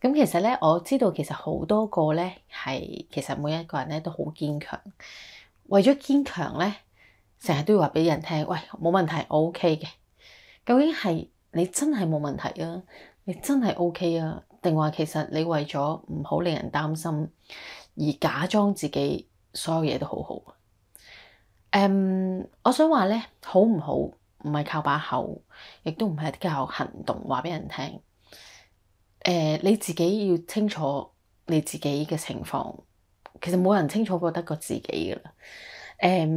咁其實咧，我知道其實好多個咧係，其實每一個人咧都好堅強，為咗堅強咧，成日都要話俾人聽，喂，冇問題，我 OK 嘅。究竟係你真係冇問題啊？你真係 OK 啊？定話其實你為咗唔好令人擔心而假裝自己所有嘢都好好？誒，um，我想話咧，好唔好唔係靠把口，亦都唔係靠行動話俾人聽。誒、呃、你自己要清楚你自己嘅情況，其實冇人清楚過得過自己噶啦。誒、呃、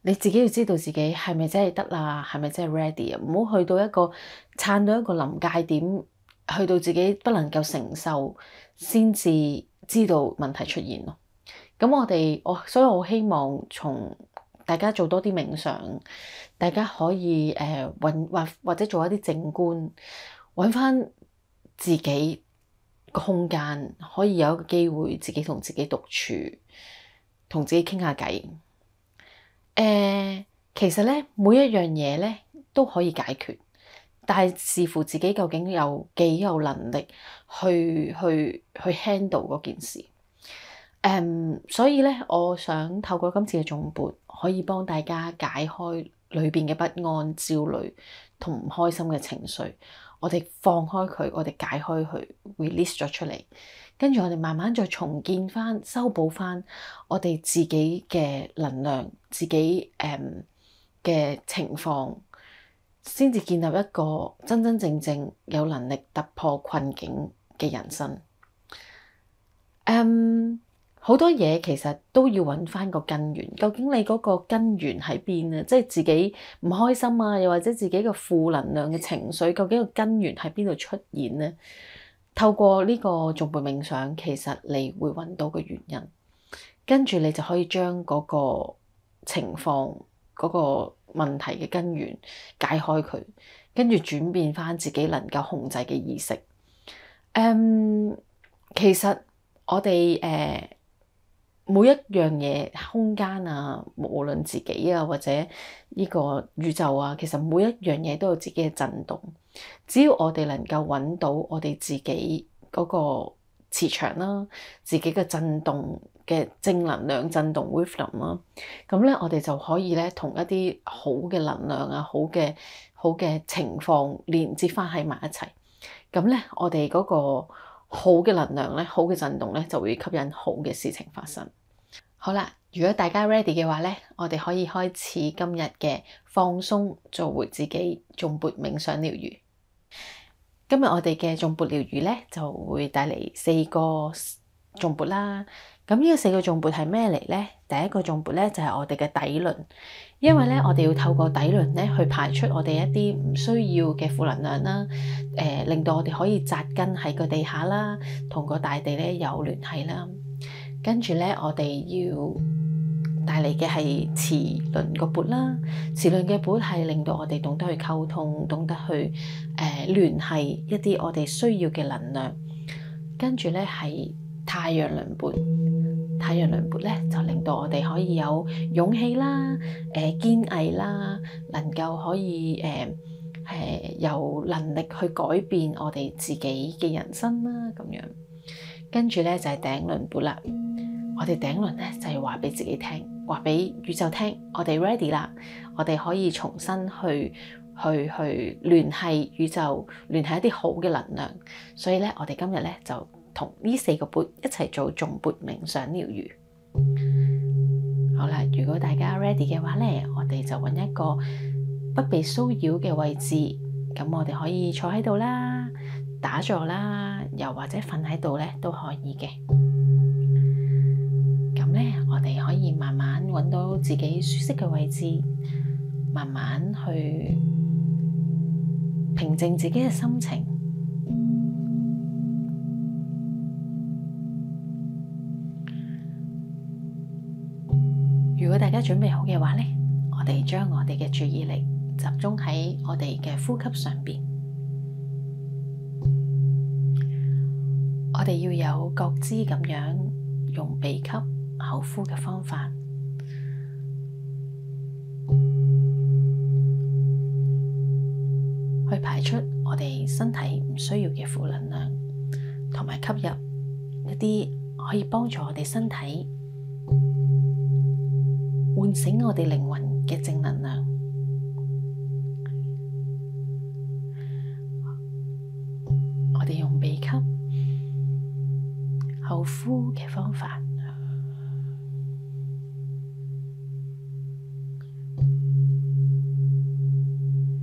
你自己要知道自己係咪真係得啦？係咪真係 ready 啊？唔好去到一個撐到一個臨界點，去到自己不能夠承受，先至知道問題出現咯。咁我哋我所以我希望從大家做多啲冥想，大家可以誒揾、呃、或者或者做一啲靜觀，揾翻。自己個空間，可以有一個機會，自己同自己獨處，同自己傾下偈。誒、呃，其實咧，每一樣嘢咧都可以解決，但係視乎自己究竟有幾有能力去去去，去 handle 嗰件事。誒、呃，所以咧，我想透過今次嘅頌缽，可以幫大家解開裏邊嘅不安、焦慮同唔開心嘅情緒。我哋放開佢，我哋解開佢，release 咗出嚟，跟住我哋慢慢再重建返、修補返我哋自己嘅能量、自己誒嘅、um, 情況，先至建立一個真真正正有能力突破困境嘅人生。Um, 好多嘢其實都要揾翻個根源，究竟你嗰個根源喺邊呢？即係自己唔開心啊，又或者自己嘅負能量嘅情緒，究竟個根源喺邊度出現呢？透過呢個頌缽冥想，其實你會揾到個原因，跟住你就可以將嗰個情況、嗰、嗰個問題嘅根源解開佢，跟住轉變翻自己能夠控制嘅意識。嗯，其實我哋誒。呃每一樣嘢空間啊，無論自己啊，或者呢個宇宙啊，其實每一樣嘢都有自己嘅震動。只要我哋能夠揾到我哋自己嗰個磁場啦、啊，自己嘅震動嘅正能量震動 w a 啦，咁咧我哋就可以咧同一啲好嘅能量啊，好嘅好嘅情況連接翻喺埋一齊。咁咧我哋嗰、嗰個。好嘅能量咧，好嘅震動咧，就會吸引好嘅事情發生。好啦，如果大家 ready 嘅話咧，我哋可以開始今日嘅放鬆做回自己頌缽冥想療癒。今日我哋嘅頌缽療癒咧，就會帶嚟四個頌缽啦。咁呢個四個頌缽係咩嚟咧？第一個頌缽咧就係、是、我哋嘅底輪。因為咧，我哋要透過底輪咧去排出我哋一啲唔需要嘅負能量啦，誒、呃，令到我哋可以紮根喺個地下啦，同個大地咧有聯繫啦。跟住咧，我哋要帶嚟嘅係磁輪個缽啦，磁輪嘅缽係令到我哋懂得去溝通，懂得去誒聯繫一啲我哋需要嘅能量。跟住咧係太陽輪缽。太陽輪缽咧就令到我哋可以有勇氣啦，誒、呃、堅毅啦，能夠可以誒誒有能力去改變我哋自己嘅人生啦，咁樣。跟住咧就係頂輪缽啦，我哋頂輪咧就係話俾自己聽，話俾宇宙聽，我哋 ready 啦，我哋可以重新去去去聯繫宇宙，聯繫一啲好嘅能量。所以咧，我哋今日咧就。同呢四個缽一齊做頌缽冥想療愈。好啦，如果大家 ready 嘅話咧，我哋就揾一個不被騷擾嘅位置，咁我哋可以坐喺度啦，打坐啦，又或者瞓喺度咧都可以嘅。咁咧，我哋可以慢慢揾到自己舒適嘅位置，慢慢去平靜自己嘅心情。準備好嘅話咧，我哋將我哋嘅注意力集中喺我哋嘅呼吸上面。我哋要有覺知咁樣用鼻吸口呼嘅方法，去排出我哋身體唔需要嘅負能量，同埋吸入一啲可以幫助我哋身體。喚醒我哋靈魂嘅正能量。我哋用鼻吸、後呼嘅方法。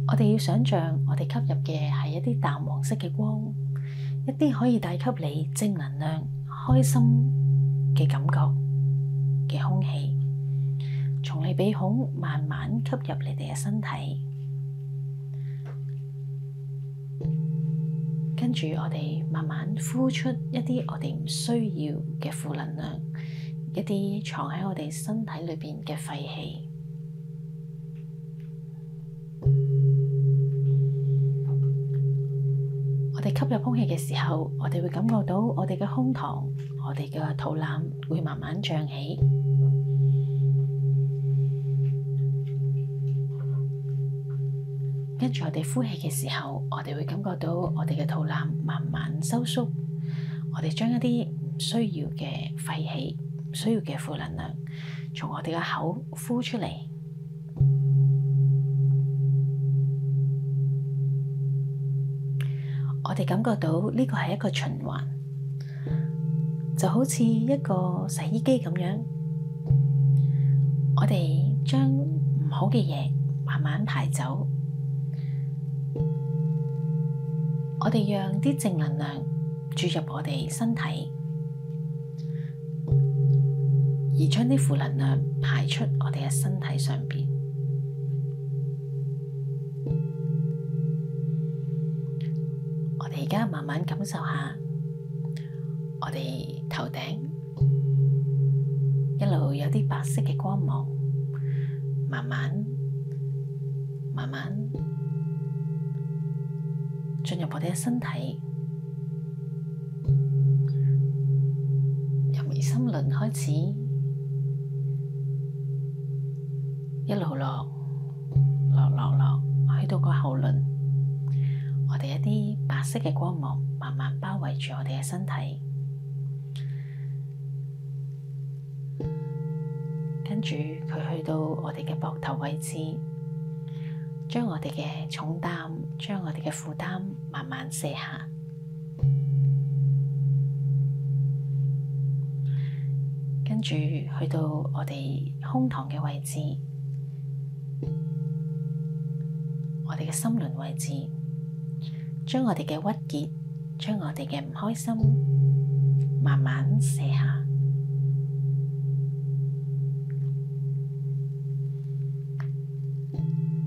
我哋要想象，我哋吸入嘅係一啲淡黃色嘅光，一啲可以帶給你正能量、開心嘅感覺嘅空氣。嚟鼻孔慢慢吸入你哋嘅身體，跟住我哋慢慢呼出一啲我哋唔需要嘅負能量，一啲藏喺我哋身體裏面嘅廢氣。我哋吸入空氣嘅時候，我哋會感覺到我哋嘅胸膛、我哋嘅肚腩會慢慢脹起。在我哋呼氣嘅時候，我哋會感覺到我哋嘅肚腩慢慢收縮，我哋將一啲唔需要嘅廢氣、唔需要嘅負能量從我哋嘅口呼出嚟。我哋感覺到呢個係一個循環，就好似一個洗衣機咁樣，我哋將唔好嘅嘢慢慢排走。我哋讓啲正能量注入我哋身體，而將啲負能量排出我哋嘅身體上邊。我哋而家慢慢感受下，我哋頭頂一路有啲白色嘅光芒，慢慢。進入我哋嘅身體，由眉心輪開始，一路落落落落，去到個喉輪，我哋一啲白色嘅光芒慢慢包圍住我哋嘅身體，跟住佢去到我哋嘅膊頭位置，將我哋嘅重擔。將我哋嘅負擔慢慢卸下，跟住去到我哋胸膛嘅位置，我哋嘅心輪位置，將我哋嘅鬱結，將我哋嘅唔開心慢慢卸下，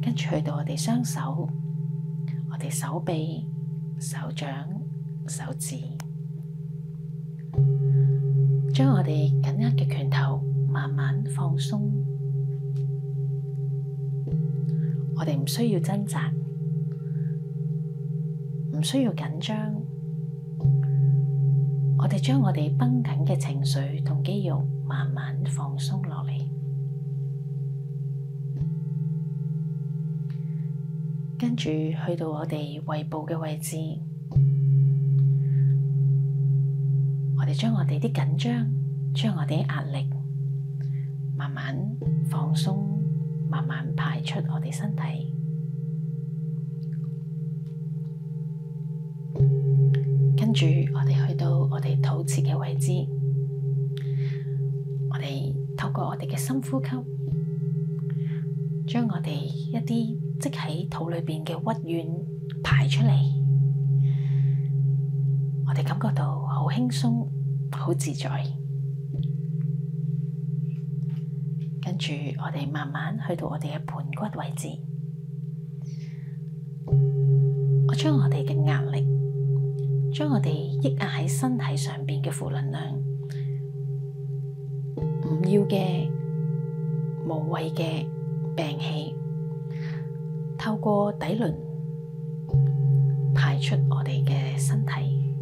跟住去到我哋雙手。我哋手臂、手掌、手指，將我哋緊握嘅拳頭慢慢放鬆。我哋唔需要掙扎，唔需要緊張。我哋將我哋繃緊嘅情緒同肌肉慢慢放鬆落。跟住去到我哋胃部嘅位置，我哋將我哋啲緊張、將我哋啲壓力慢慢放鬆，慢慢排出我哋身體。跟住我哋去到我哋肚臍嘅位置，我哋透過我哋嘅深呼吸，將我哋一啲。即喺肚裏邊嘅鬱怨排出嚟，我哋感覺到好輕鬆、好自在。跟住我哋慢慢去到我哋嘅盤骨位置，我將我哋嘅壓力，將我哋抑壓喺身體上邊嘅負能量，唔要嘅、無謂嘅病氣。透過底輪排出我哋嘅身體，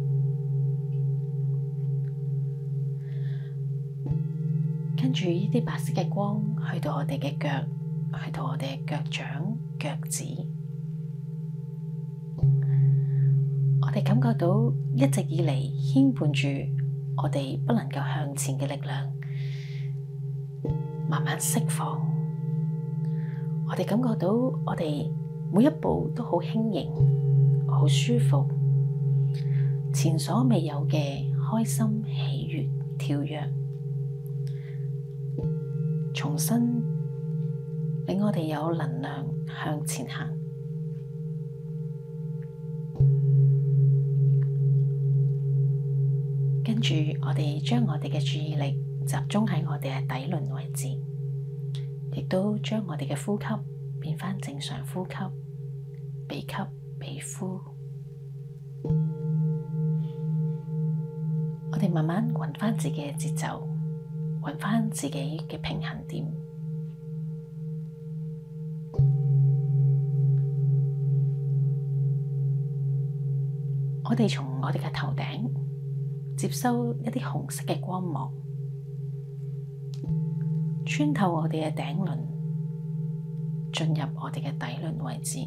跟住呢啲白色嘅光去到我哋嘅腳，去到我哋嘅腳掌、腳趾，我哋感覺到一直以嚟牽絆住我哋不能夠向前嘅力量，慢慢釋放。我哋感覺到，我哋每一步都好輕盈、好舒服，前所未有嘅開心、喜悦、跳躍，重新令我哋有能量向前行。跟住，我哋將我哋嘅注意力集中喺我哋嘅底輪位置。亦都將我哋嘅呼吸變翻正常呼吸，鼻吸鼻呼。我哋慢慢揾翻自己嘅節奏，揾翻自己嘅平衡點。我哋從我哋嘅頭頂接收一啲紅色嘅光芒。穿透我哋嘅頂輪，進入我哋嘅底輪位置。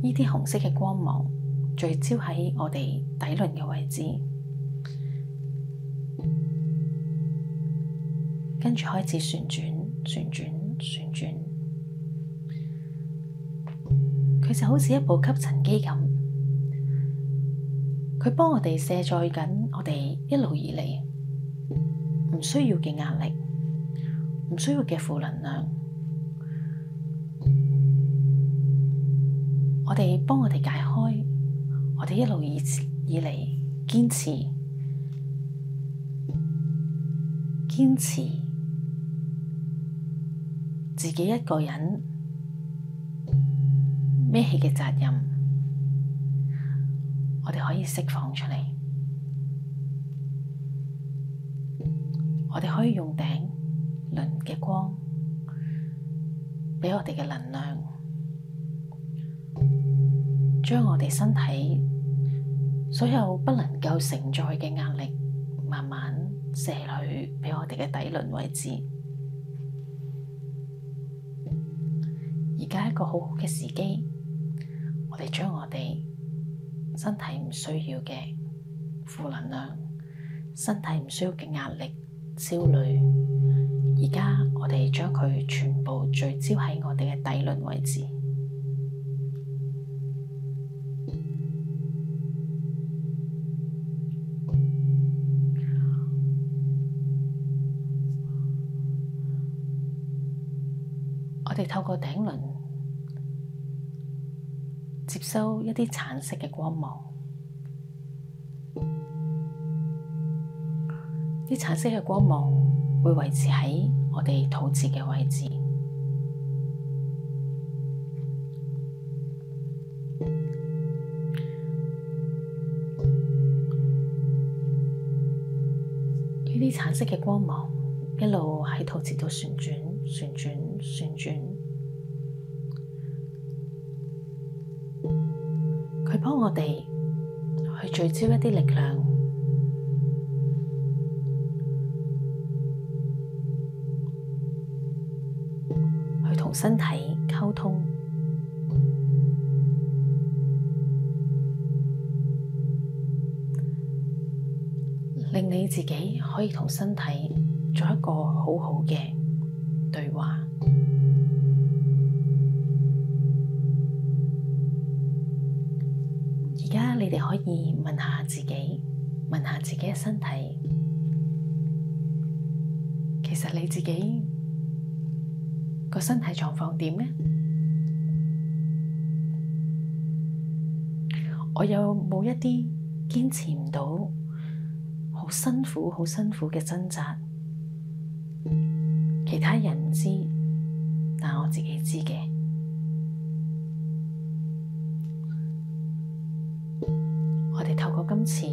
呢啲紅色嘅光芒聚焦喺我哋底輪嘅位置，跟住開始旋轉、旋轉、旋轉。佢就好似一部吸塵機咁。佢幫我哋卸載緊，我哋一路以嚟唔需要嘅壓力，唔需要嘅負能量。我哋幫我哋解開，我哋一路以以嚟堅持、堅持自己一個人孭起嘅責任。我哋可以釋放出嚟，我哋可以用頂輪嘅光，畀我哋嘅能量，將我哋身體所有不能夠承載嘅壓力，慢慢卸去畀我哋嘅底輪位置。而家一個好好嘅時機，我哋將我哋，身體唔需要嘅負能量，身體唔需要嘅壓力、焦慮。而家我哋將佢全部聚焦喺我哋嘅底輪位置。我哋透過頂輪。收一啲橙色嘅光芒，啲橙色嘅光芒會維持喺我哋肚臍嘅位置。呢啲橙色嘅光芒一路喺肚臍度旋轉、旋轉、旋轉。我哋去聚焦一啲力量，去同身體溝通，令你自己可以同身體做一個好好嘅。而問下自己，問下自己嘅身體，其實你自己個身體狀況點呢？我有冇一啲堅持唔到、好辛苦、好辛苦嘅掙扎？其他人唔知，但我自己知嘅。今次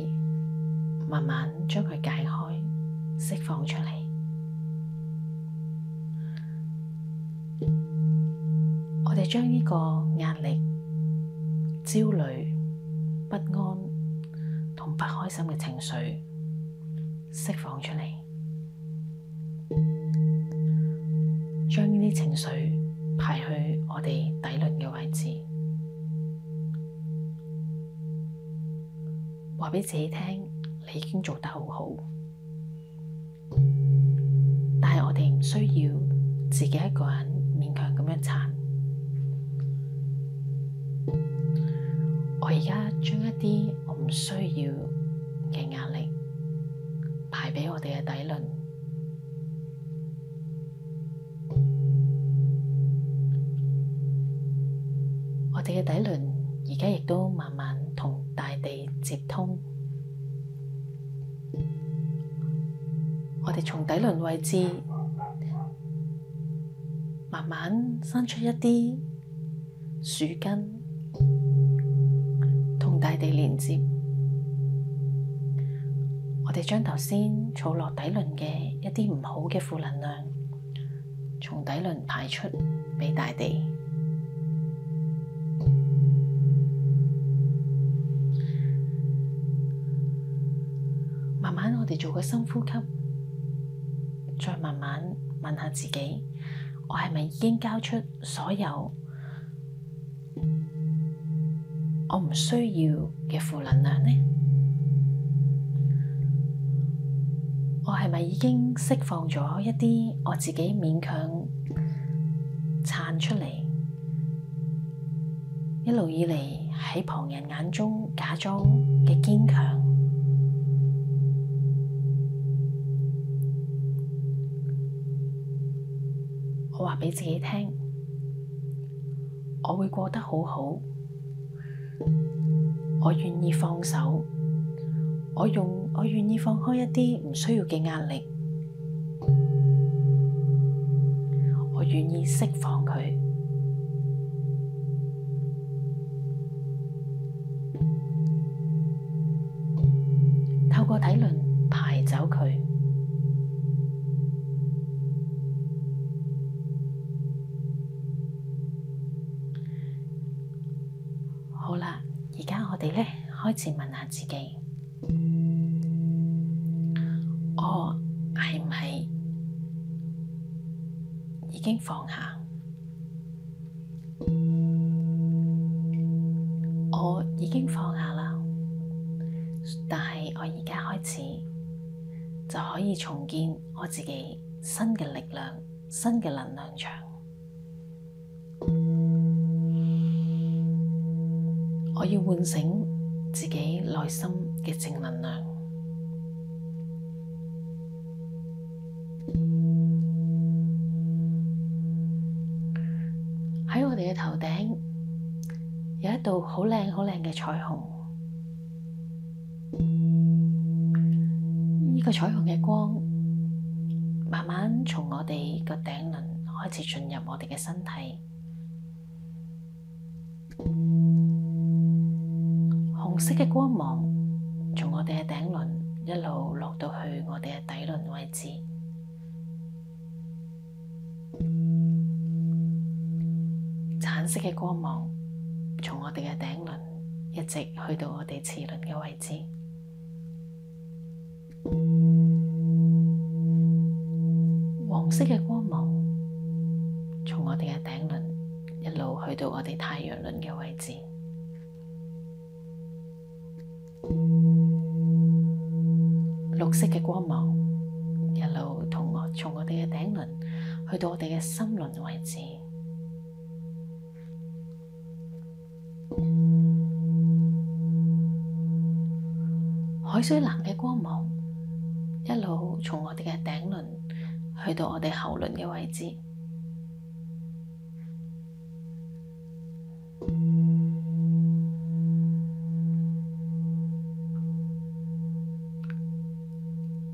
慢慢將佢解開、釋放出嚟，我哋將呢個壓力、焦慮、不安同不開心嘅情緒釋放出嚟，將呢啲情緒排去我哋底輪嘅位置。話畀自己聽，你已經做得好好，但係我哋唔需要自己一個人勉強咁樣撐。我而家將一啲我唔需要嘅壓力排畀我哋嘅底輪。直通，我哋從底輪位置慢慢伸出一啲樹根，同大地連接。我哋將頭先儲落底輪嘅一啲唔好嘅負能量，從底輪排出畀大地。嚟做個深呼吸，再慢慢問下自己：我係咪已經交出所有我唔需要嘅負能量呢？我係咪已經釋放咗一啲我自己勉強撐出嚟，一路以嚟喺旁人眼中假裝嘅堅強？俾自己聽，我會過得好好，我願意放手，我用我願意放開一啲唔需要嘅壓力，我願意釋放佢，透過體能。自己，我係唔係已經放下？我已經放下啦，但係我而家開始就可以重建我自己新嘅力量、新嘅能量場。我要喚醒。自己內心嘅正能量，喺我哋嘅頭頂有一道好靚好靚嘅彩虹。呢個彩虹嘅光，慢慢從我哋個頂輪開始進入我哋嘅身體。色嘅光芒從我哋嘅頂輪一路落到去我哋嘅底輪位置；橙色嘅光芒從我哋嘅頂輪一直去到我哋次輪嘅位置；黃色嘅光芒從我哋嘅頂輪一路去到我哋太陽輪嘅位置。色嘅光芒，一路同我哋從我哋嘅頂輪去到我哋嘅心輪位置；海水藍嘅光芒，一路從我哋嘅頂輪去到我哋喉輪嘅位置。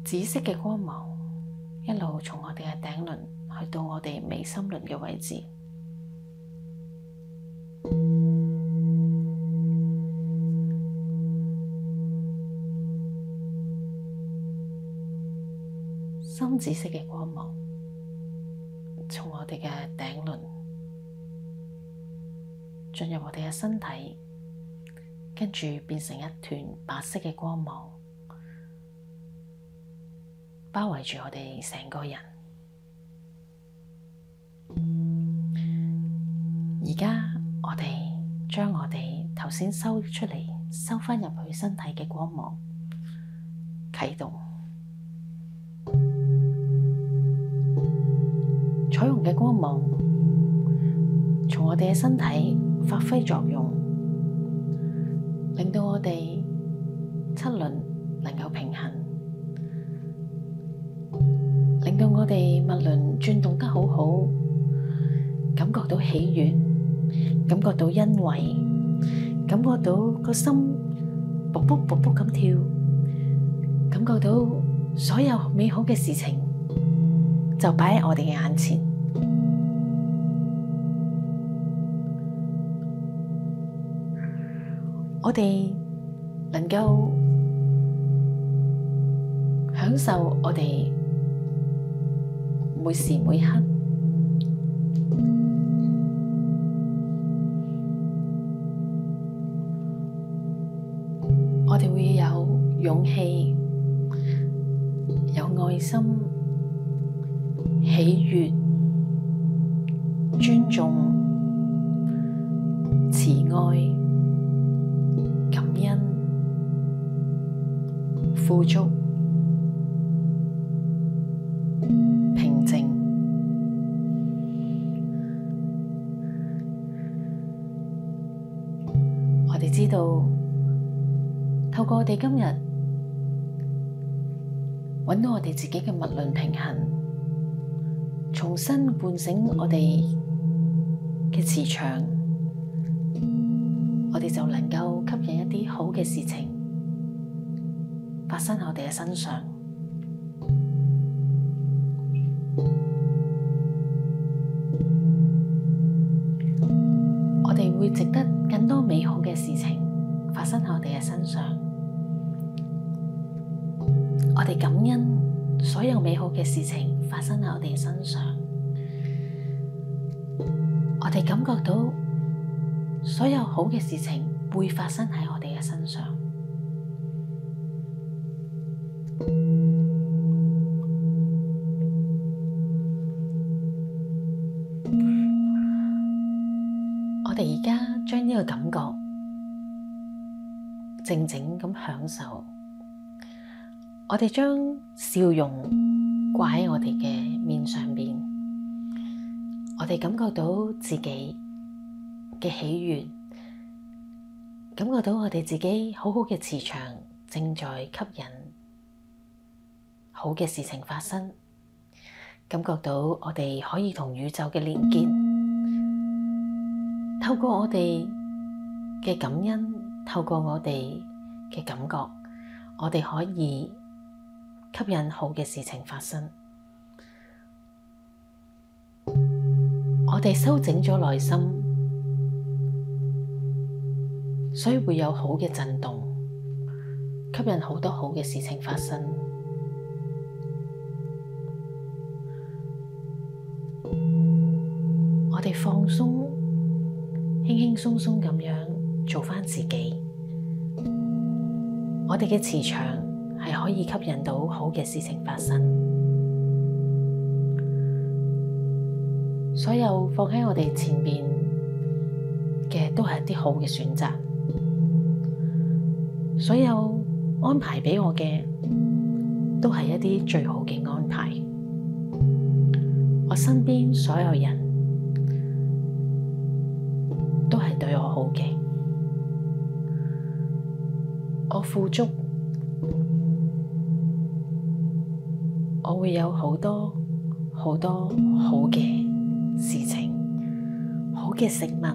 紫色嘅光芒一路從我哋嘅頂輪去到我哋眉心輪嘅位置，深紫色嘅光芒從我哋嘅頂輪進入我哋嘅身體，跟住變成一團白色嘅光芒。包圍住我哋成個人。而家我哋將我哋頭先收出嚟，收翻入去身體嘅光芒啟動，彩虹嘅光芒從我哋嘅身體發揮作用，令到我哋七輪能夠平衡。我哋脈輪轉動得好好，感覺到喜悦，感覺到欣慰，感覺到個心卜卜卜卜咁跳，感覺到所有美好嘅事情就擺喺我哋嘅眼前，我哋能夠享受我哋。每時每刻，我哋會有勇氣、有愛心、喜悅、尊重、慈愛、感恩、富足。知道，透過我哋今日揾到我哋自己嘅物論平衡，重新喚醒我哋嘅磁場，我哋就能夠吸引一啲好嘅事情發生喺我哋嘅身上，我哋會值得。事情發生喺我哋嘅身上，我哋感恩所有美好嘅事情發生喺我哋身上，我哋感覺到所有好嘅事情會發生喺我哋嘅身上。我哋而家將呢個感覺。靜靜咁享受，我哋將笑容掛喺我哋嘅面上邊，我哋感覺到自己嘅喜悅，感覺到我哋自己好好嘅磁場正在吸引好嘅事情發生，感覺到我哋可以同宇宙嘅連結，透過我哋嘅感恩。透過我哋嘅感覺，我哋可以吸引好嘅事情發生。我哋修整咗內心，所以會有好嘅震動，吸引好多好嘅事情發生。我哋放鬆，輕輕鬆鬆咁樣。做返自己，我哋嘅磁場係可以吸引到好嘅事情發生。所有放喺我哋前面嘅都係一啲好嘅選擇，所有安排畀我嘅都係一啲最好嘅安排。我身邊所有人。富足，我會有好多好多好嘅事情，好嘅食物，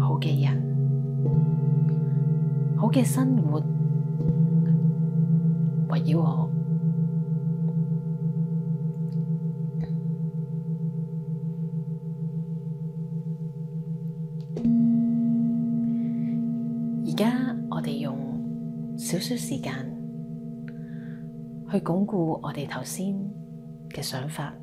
好嘅人，好嘅生活，圍繞我。去鞏固我哋頭先嘅想法，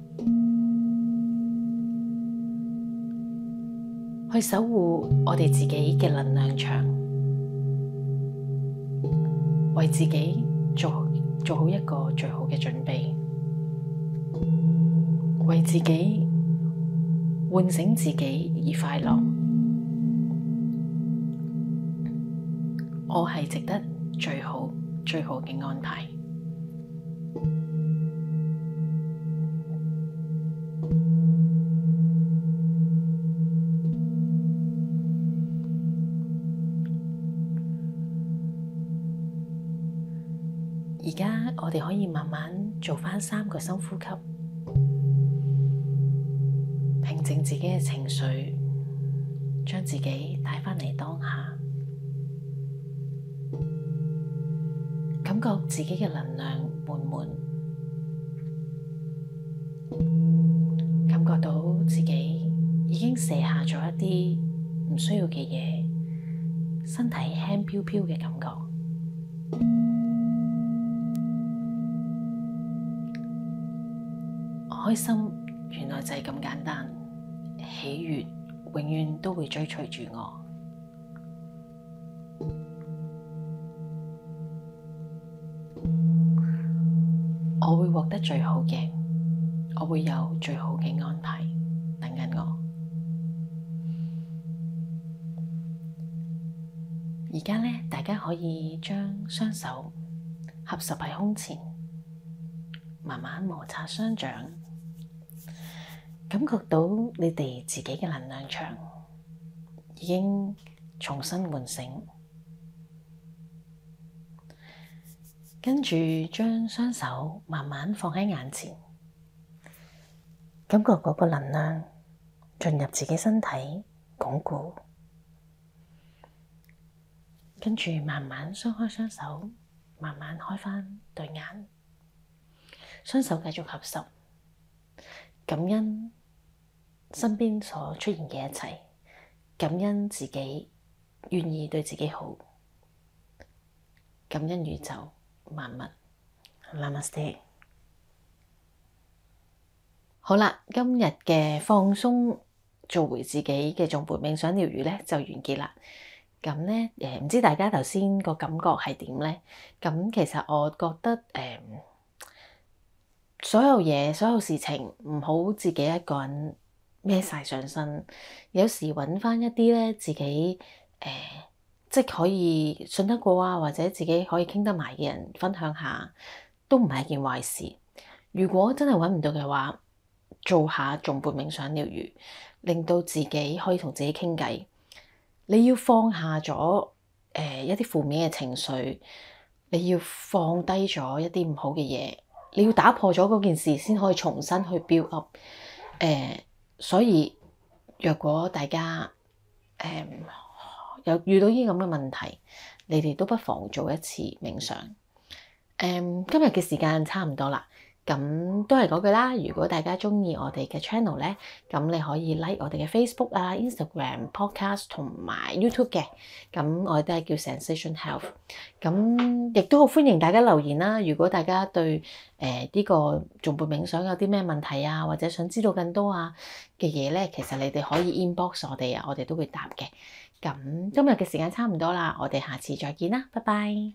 去守護我哋自己嘅能量場，為自己做做好一個最好嘅準備，為自己喚醒自己而快樂。我係值得。最好、最好嘅安排。而家我哋可以慢慢做返三個深呼吸，平靜自己嘅情緒，將自己帶返嚟當下。感覺自己嘅能量滿滿，感覺到自己已經卸下咗一啲唔需要嘅嘢，身體輕飄飄嘅感覺，我開心，原來就係咁簡單，喜悦永遠都會追隨住我。我會獲得最好嘅，我會有最好嘅安排等緊我。而家呢，大家可以將雙手合十喺胸前，慢慢摩擦雙掌，感覺到你哋自己嘅能量場已經重新喚醒。跟住將雙手慢慢放喺眼前，感覺嗰個能量進入自己身體鞏固。跟住慢慢鬆開雙手，慢慢開返對眼，雙手繼續合十，感恩身邊所出現嘅一切，感恩自己願意對自己好，感恩宇宙。萬物 Namaste。好啦，今日嘅放鬆，做回自己嘅頌缽冥想療癒咧就完結啦。咁咧，誒、呃、唔知大家頭先個感覺係點咧？咁其實我覺得，誒、呃、所有嘢，所有事情唔好自己一個人孭晒上身，有時搵翻一啲咧自己，誒、呃。即係可以信得過啊，或者自己可以傾得埋嘅人分享下，都唔係一件壞事。如果真係揾唔到嘅話，做下頌缽冥想療癒，令到自己可以同自己傾偈。你要放下咗誒、呃、一啲負面嘅情緒，你要放低咗一啲唔好嘅嘢，你要打破咗嗰件事先可以重新去 build up、呃。所以若果大家誒。呃有遇到呢啲咁嘅問題，你哋都不妨做一次冥想。誒、um，今日嘅時間差唔多啦，咁都係嗰句啦。如果大家中意我哋嘅 channel 咧，咁你可以 like 我哋嘅 Facebook 啊、Instagram、Podcast 同埋 YouTube 嘅。咁我哋都係叫 Zensation Health。咁亦都好歡迎大家留言啦。如果大家對誒呢、呃這個頌缽冥，冥想有啲咩問題啊，或者想知道更多啊嘅嘢咧，其實你哋可以 inbox 我哋啊，我哋都會答嘅。咁今日嘅時間差唔多啦，我哋下次再見啦，拜拜。